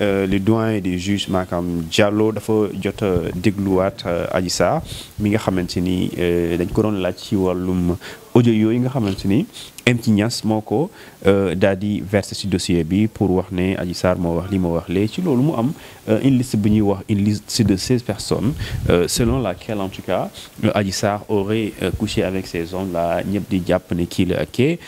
Euh, le doyen des juges Maham Diallo dafa jot a dégluwaat euh, Adji Sarr mi nga xamante ni euh, dañ ko doon laaj ci wàllum audio yooyu nga xamante ni MC Niass moo ko euh, daal di verser ci dossier bi pour wax ne Adji Sarr moo wax li moo wax lee ci loolu mu am euh, une liste bu ñuy wax une liste de seize personnes euh, selon laquelle en tout cas Adji Sarr aurait couché avec ces hommes là ñëpp di jàpp ne kii la ak kee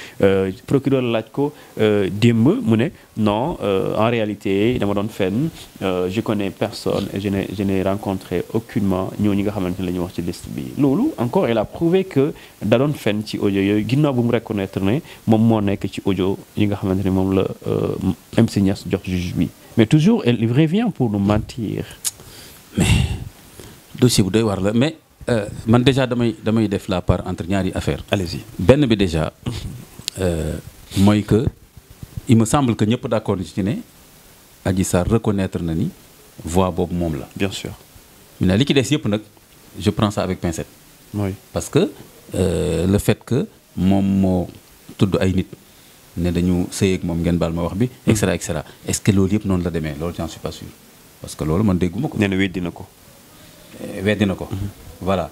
procureur laaj ko démb mu ne non en réalité dama doon fen je connais personne et je n'ai je n'ai rencontré aucunement ñooñu nga xamante ne la wax ci liste bi loolu encore elle a prouvé que da doon fenn ci audio yooyu ginnaaw bu mu reconnaître ne moom moo nekk ci ojo yi nga xamante ne moom la euh, MC Niass jox juge bi mais toujours elle revient pour nous mentir. mais dossier bu doy war la mais euh, man déjà damay damay def la par entre ñaari affaire allez-y benn bi déjà euh, mooy que il ma semble que ñëpp d'accord ci ne Adji Sarr reconnaître na ni voix boobu moom la. bien sûr. mais li ci des yëpp nag je prends ça avec pincette. oui parce que. Euh, le fait que moom moo tudd ay nit ne dañu sëyeeg moom ngeen baal ma wax bi et cetera et cetera est ce que loolu yëpp noonu la demee loolu j'en suis pas sûr parce que loolu man dégguma ko nee na weddi na ko euh, weddi na ko mm-hmm. voilà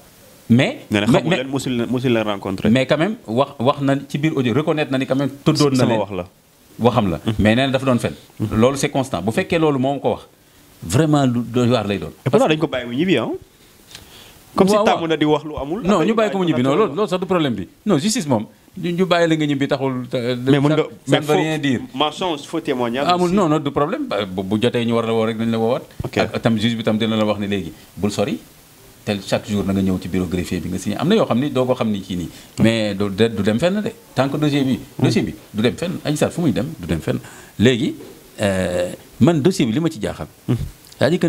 mais nee na xamul leen mosul mosul la rencontré mais quand même wax wax na ci biir audio reconnaître na ni quand même tuddoon na leen wax la waxam la mm-hmm. mais nee na dafa doon fen mm-hmm. loolu c'est constant bu fekkee loolu moom ko wax vraiment lu doy waar lay doon et pourtant dañ ko bàyyi mu ñibbi ah comme si tàmm na di wax lu amul. non ñu bàyyi ko mu ñibbi non la nga ñibbi taxul. mais mën nga amul non non jotee ñu war la woo rek dañ la woowaat. ak tam juge bi jour na nga ñëw ci bureau bi nga signé am na yoo xam ni doo ni kii nii. mais du dem fenn de tant que dossier bi. Hmm. dossier bi euh, man dossier bi li ma ci jaaxal. Hmm. c'est-à-dire que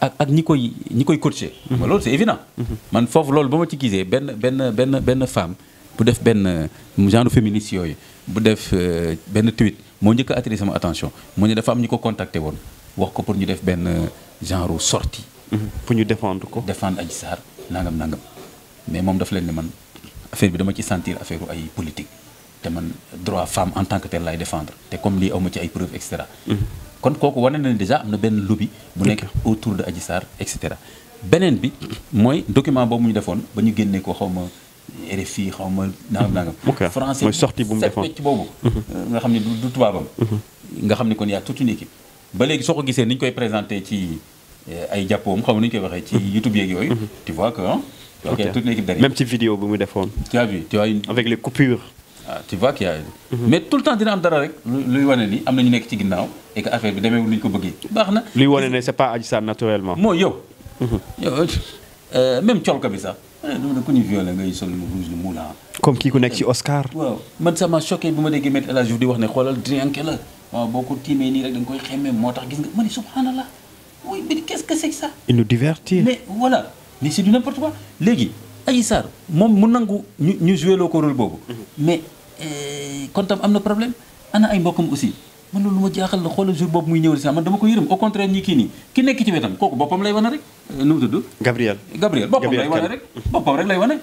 ak ak ñi koy ñi koy coacher. ma mhm. loolu c'est évident. Mhm. man foofu loolu ba ma ci gisee benn benn benn benn femme bu def benn euh, genre féministe yooyu bu def euh, benn tweet moo njëkk a attiré attention moo ne dafa am ñu ko contacté woon wax ko pour ñu def benn euh, genre sortie mhm. pour ñu défendre ko. défendre Adji Sarr nangam nangam mais moom dafa leen ne man affaire bi dama ci sentir affaire ay politique te man droit femme en tant que tel lay défendre te comme lii aw ma ci ay preuves et kon kooku wane na ne déjà am na benn lobby bu nekk autour de Adji Sarr et cetera beneen bi mooy document boobu ñu defoon ba ñu génnee ko xaw ma RFI xaw ma nangam nangam français mooy sortie bu mu defoon pecc boobu mhm. nga xam ne du tubaabam mhm. nga xam ne kon yaa tout une équipe ba léegi soo ko gisee ni ñu koy présenté ci eh, ay jàppoom xaw ma ni koy waxee ci mhm. YouTube yeeg yooyu tu vois que hein, ok toute une équipe derrière même ci vidéo bu mu defoon tu as vu tu as une avec les coupures Ah, tu vois qu'il y a mhm. mais tout le temps dina am dara rek luy wane ni am na nekk ci ginnaaw et affaire bi demeewul ni ko bëggee baax na. luy wane ne c'est pas Adji naturellement. moo yow. Mhm. yow euh, euh, même colka eh, ku ñu violé ngay sol lu rouge lu moulin. comme kii ku nekk ci Oscar. waaw man ça m'a choqué ma déggee Maître El Hadji Diouf wax ne xoolal drinke la waaw boo ko tiimee nii rek da koy xemmee moo tax gis nga ma ne subhanallah oui mais quest que c'est ça. il nous divertit. mais voilà mais c'est du n'importe quoi léegi Adji moom mu nangu ñu ñu joué loo ko Eh, kon tam am na problème ana ay mbokkam aussi man loolu ma jaaxal la xoolal jour boobu muy ñëw si man dama ko yërëm au contraire ñi kii nii ki nekk ci wetam kooku boppam lay wane rek eh, nu mu tudd. Gabriel Gabriel boppam lay wane rek boppam rek lay wane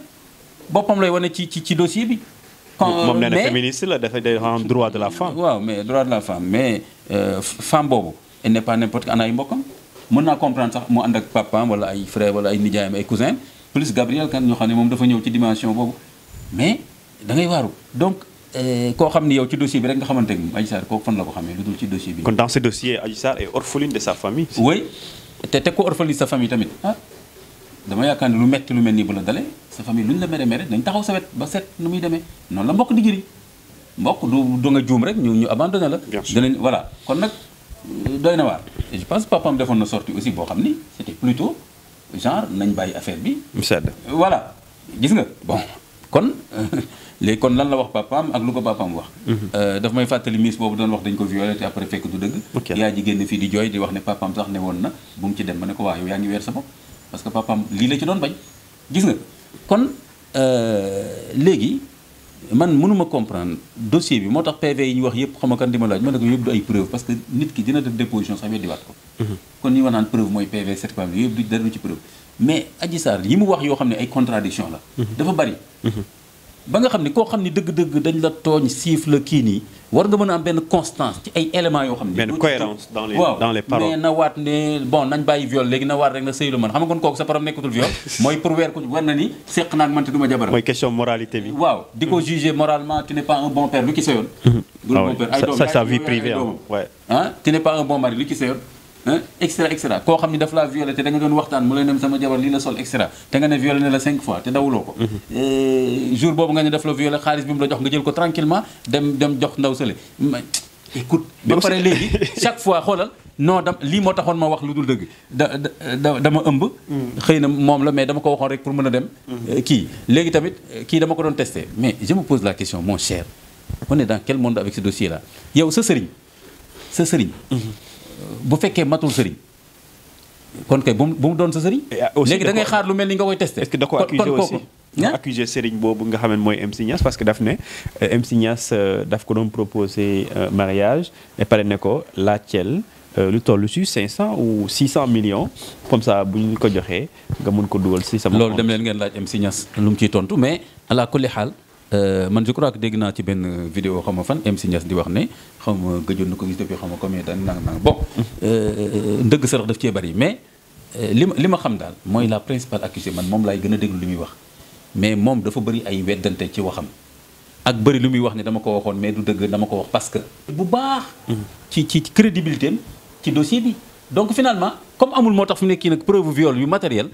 boppam lay wane ci ci ci dossier bi. moom nee na féministe la dafa day xam droit de la femme. waaw mais droit de la femme mais euh, femme boobu elle pas n'importe ana ay mbokkam mën naa comprendre sax mu ànd ak papaam wala ay frère wala ay nijaayam ay cousin plus Gabriel kan ñoo xam ne moom dafa ñëw ci dimension boobu mais. dangay ngay waaru donc euh, koo xam ni yow ci dossier bi rek nga xamante ni Adji Sarr kooku fan la ko xamee lu dul ci dossier bi. kon dans ce dossier Adji Sarr est orpheline de sa famille. oui te teg ko orpheline sa famille tamit ah, dama yaakaar ne lu metti lu mel nii bu la dalee sa famille luñ la mere mere dañ taxaw sa wet ba set nu muy demee noonu la mbokk di mbokk du do nga juum rek ñu ñu abandonné la. danañ voilà kon nag euh, doy na waar. je pense papaam defoon na sortie aussi boo xam ni c'était nañ bàyyi affaire bi. mu sedd voilà gis nga bon. kon léegi kon lan la wax papaam ak lu ko papaam wax. Mhm. Euh, daf may fàttali miis boobu doon wax dañ ko violé te après fekk du dëgg. yaa ji génn fii di jooy di wax ne papaam sax ne woon na bu mu ci ma ne ko waa yow yaa ngi weer sa bopp parce que papaam lii la ci doon euh, man mënuma comprendre dossier bi moo tax PV yi ñu wax yëpp xam nga kan di ma laaj ma ko yëpp du ay preuve parce que nit ki dina def déposition sax weddi waat ko. Mhm. kon ñu wax naan preuve mooy PV certificat bi yëpp du dara du ci preuve. mais Adji Sarr yi mu wax yoo xam ne ay contradiction la mhm. dafa bari mhm. ba nga xam ne koo xam ne dëgg-dëgg dañ la tooñ siif la kii nii war nga mën a am benn constance ci ay éléments yoo xam ne benn cohérence dans les dans les paroles mais na waat ne nañ bàyyi viol léegi na waat rek na sëy lu mën xam nga kon kooku sa param nekkatul viol mooy pour weer ko war na ni seq naag man te du ma mooy question moralité bi waaw di ko mhm. juger moralement tu n'es pas un bon père lu ki sëyoon du ah bon ay doom extra extra koo xam ni daf laa violé te da nga doon waxtaan mu lay nem sama jabar lii la sol extra te nga ne violé ne la cinq fois te dawuloo ko mhm. jour boobu nga ne daf la violé xaalis bi mu la jox nga jël ko tranquillement dem dem jox ndaw sële écoute ba pare léegi chaque fois xoolal non dam lii moo taxoon ma wax lu dul dëgg da da dama ëmb mhm. xëy na moom la mais dama ko waxoon rek pour mën a dem mhm. euh, kii léegi tamit kii dama ko doon testé mais je me pose la question mon cher on est dans quel monde avec yow sa sëriñ sa sëriñ bu fekkee matul sëriñ kon kay bu mu bu doon sa sëriñ. Ah, léegi da ngay xaar lu mel ni nga koy testé. est-ce que da ko accusé aussi nga ah? boobu nga xam ne mooy MC Niass parce que daf ne euh, MC euh, ko doon proposé euh, mariage et pare ne ko laajteel lu toll si 500 ou 600 millions comme ça bu ñu ko joxee nga mun ko dugal si sama. loolu dem leen ngeen laaj MC Niass lu mu ciy tontu mais ala kulli xaal. Euh, man je crois que dégg naa ci benn vidéo xam nga fan MC Niass di wax ne xaw ma gëjoon na ko gis depuis xaw ma combien daan nang nang bon euh, euh, ndëgg sarax daf cee bari mais li ma li ma xam daal mooy la principale accusée man moom laay gën a déglu li muy wax mais moom dafa bëri ay weddante ci waxam ak bëri lu muy wax ne dama ko waxoon mais du dëgg dama ko wax parce que bu baax mm-hmm. ci ci crédibilité am ci dossier bi donc finalement comme amul moo tax fi mu nekk kii nag preuve viol yu matériel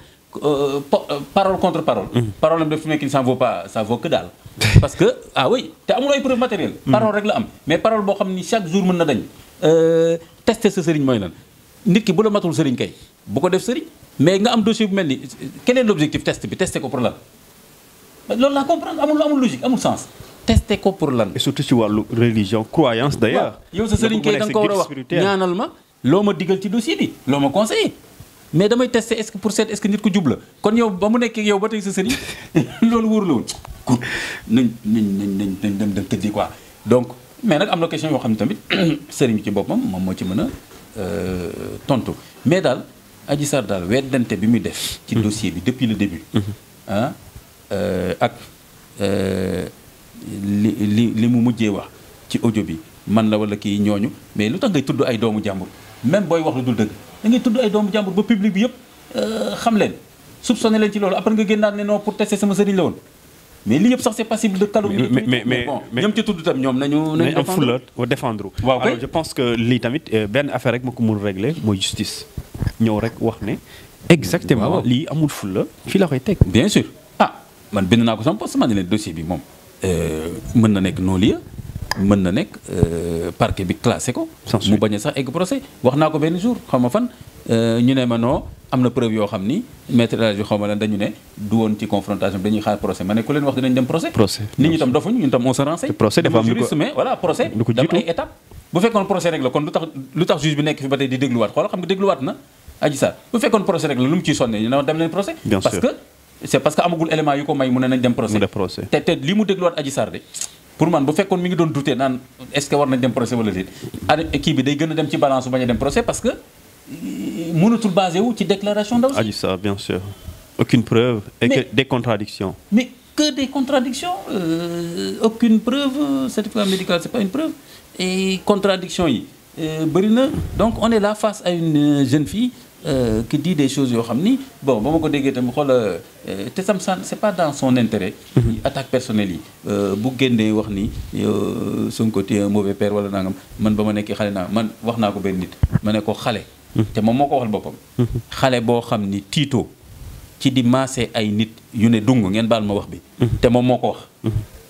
parole contre parole mm-hmm. parole am nekk ça vaut pas ça vaut parce que ah oui te amul ay preuve matérielle hmm. parole rek la am mais parole boo xam ni chaque jour mën na dañ euh, teste sa sëriñ mooy lan nit ki bu la matul sëriñ kay bu ko def sëriñ mais nga am dossier bu mel ni keneen est test bi tester ko pour lan loolu laa comprendre amul amul logique amul sens ko pour lan surtout ci wàllu religion croyance d'ailleurs yow sa sëriñ kay da war a loo ma digal ci dossier loo ma conseillé mais damay tester est-ce que pour nit ko jub la kon yow ba mu nekkee yow ba tey sa sëriñ loolu wóor la woon court nañ nañ nañ nañ dem dem tëddi quoi donc mais nag am na question yoo xam ne tamit sëriñ bi ci boppam moom moo ci mën a euh, tontu mais daal Adji Sarr daal weddante bi muy def. ci mm-hmm. dossier bi depuis le début. Mm-hmm. ah euh, ak euh, li li li mu mujjee wax ci audio bi man la wala kii ñooñu mais lu tax ngay tudd ay doomu jàmbur même booy wax lu dul dëgg da ngay tudd ay doomu jàmbur ba public bi yëpp xam leen soupçonné leen ci loolu après nga génnaat ne non pour tester sama sëriñ la woon. mais li yëpp sax c'est passible de calomnie. mais mais mais mais ñoom ca tudd tam ñoom nañu. nañu am fulla défendre waaw je pense que lii tamit euh, benn affaire rek ma ko mun régler mooy justice. ñëw rek wax ne. exactement lii amul fulla fii la koy teg. bien sûr ah man bind naa ko sama poste man ne leen dossier bi moom. Euh, mën na nekk non-lieu mën na nekk euh, parquet bi classé ko. mu bañ a sax egg procès wax naa ko benn jour xaw ma fan ñu ne ma noo am na preuve yoo xam ni maître El xaw ma lan dañu ne du woon ci confrontation bi dañuy xaar procès ma ne ku leen wax dinañ dem procès. nit ñi tam dofuñu ñun tam on se renseigne. procès dafa dem procès. parce que c' parce que amagul élément yu ko may mu ne nañ dem procès. te te li mu dégluwaat Adji de. pour man bu fekkoon mi ngi doon douter naan est war nañ dem procès wala déet kii bi day gën a dem ci balance bu bañ a dem procès parce mënatul basé wu ci déclaration d'aussi. Adji Sarr bien mais, que des contradictions mais que des contradictions euh, aucune preuve certificat médical c'est pas une preuve et contradiction yi euh, bëri na donc on est là face à une euh, jeune fille. Euh, qui dit des choses yoo xam ni bon ba ma ko déggee tamit xoola euh, te sam san c'est pas dans son intérêt mhm. attaque personnelle yi bu génnee wax ni Sonko un mauvais père wala nangam man ba ma nekkee xale naa man wax naa ko benn nit ma ne ko xale te moom moo ko waxal boppam. xale boo xam ni tiitoo ci di maase ay nit yu ne dung ngeen baal ma wax bi. te moom moo ko wax.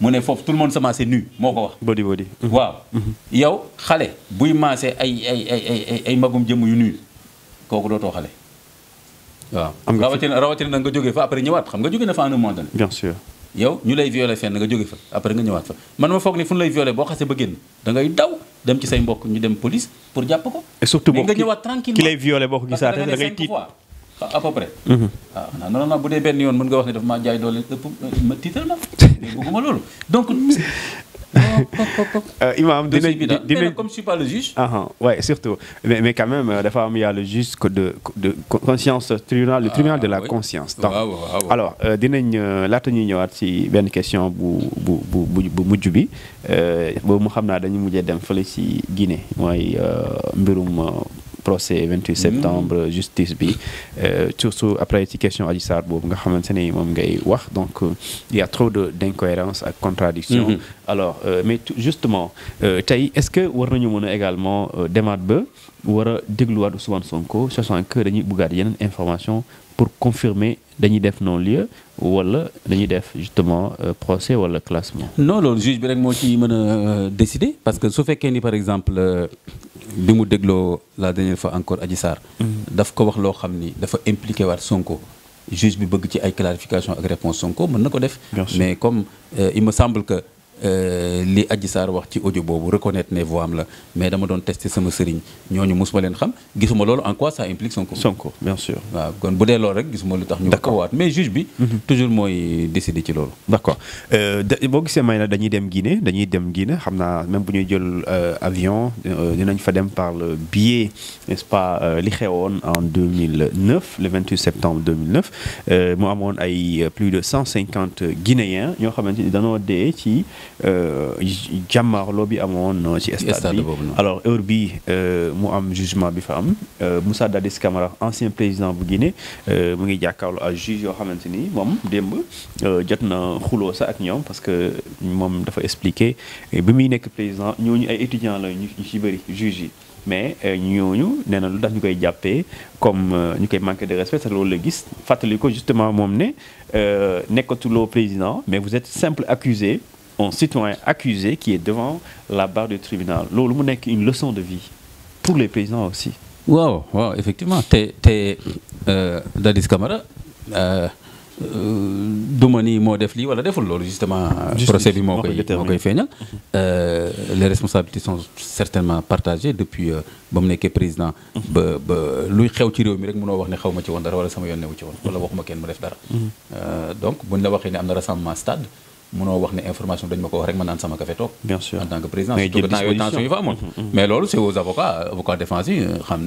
mu ne foofu tout moon monde se maase nu moo ko wax. body body waaw. yow xale buy maase ay ay ay ay ay magum yu nuyu kooku dootoo xale. waaw am nga rawatina rawatina nga jógee fa après ñëwaat xam nga jógee na fa à un moment donné. bien sûr. yow ñu lay violé fenn nga jóge fa après nga ñëwaat fa man ma foog ni fu ñu lay violé boo xasee ba génn da ngay daw dem ci say mbokk ñu dem police pour jàpp ko. et surtout boo nga ñëwaat tranquillement ki lay violé boo ko gisaatee da ngay tiit à peu près. waaw mhm. ah, non non non bu dee benn yoon mën nga wax ne daf maa jaay doole ëpp ma tiital ma. dégguma loolu donc Euh, euh, Imam dina dinañ comme je suis pas le juge. ah, ah surtout mais mais quand même euh, dafa am y a le juge que de de conscience tribunal le ah, tribunal de la conscience. waaw alors dinañ laata ñuy ñëwaat si benn question bu bu bu bu mujj bi boobu mu xam naa dañu mujjee dem fële ci Guinée mooy mbirum. procès 28 septembre mm. justice bi euh, surtout après ci question Adji Sarr boobu nga xamante ne moom ngay wax donc euh, il y a trop de d'incohérence ak contradiction mm-hmm. alors euh, mais justement tey est-ce que war nañu mën également demaat ba war a dégluwaat Ousmane Sonko sachant que dañuy bëggaat yeneen information pour confirmer dañuy def noon lieu wala dañuy def justement procès wala classement non loolu juge bi rek moo ci mën a décider parce que su fekkee ni par exemple bi mu dégloo la dernière fois encore aji Sarr. Mm-hmm. daf ko wax loo xam ni dafa impliqué waat Sonko. juge bi bëgg ci ay clarification ak réponse Sonko mën na ko def. mais comme euh, il me semble que. Euh, li Adji saar wax ci audio boobu reconnaître ne voix am la mais dama doon tester sama sëriñ ñooñu mosuma leen xam gisuma loolu en quoi ça implique Sonko. Sonko bien sûr. waaw kon bu dee loolu rek gisuma lu tax. ñu ko waat mais juge bi. Mhm. toujours mooy décider ci loolu. d' accord euh, boo gisee may na dañuy dem Guinée dañuy dem Guinée xam naa même bu ñuy jël euh, avion dinañ fa dem par le biais n' est ce pas li xewoon en 2009 le 28 septembre 2009 mu amoon ay plus de 150 guinéens ñoo xamante ni dañoo dee ci. Euh, jàmmaarloo bi amoon euh, ci stade bi alors heure bi euh, mu am jugement bi fa am Moussa Dadis Camara ancien président bu Guinée mu ngi jàkkaarloo ak juge yoo xamante ni moom démb jot na xuloo sa ak ñoom parce que moom dafa expliquer bi muy nekk président ñooñu ay étudiants la ñu ci bëri juge yi mais ñooñu nee na lu tax ñu koy jàppee comme ñu koy manquer de respect loolu la gis fàttali ko justement moom ne nekkatuloo président mais vous êtes simple accusé un citoyen accusé qui est devant la barre du tribunal loolu mu nekk une leçon de vie pour les paysans aussi. waaw effectivement te te euh, Dadis Camara euh, euh, duma ni moo def lii wala deful loolu justement procès bi moo koy moo koy feeñal mm-hmm. les responsabilités sont certainement partagées depuis ba mu nekkee président mm-hmm. ba luy xew ci réew mi rek mënoo wax ne xaw ma ci woon dara wala sama yoon newu ci woon wala waxuma kenn mu def dara mm-hmm. donc buñ la waxee ne am na rassemblement mënoo wax ne information dañ ko wax rek ma naan sama café toog. bien sûr en tant que président. mais mm, mm, mm. loolu c' est aux avocats avocats défense euh, xam.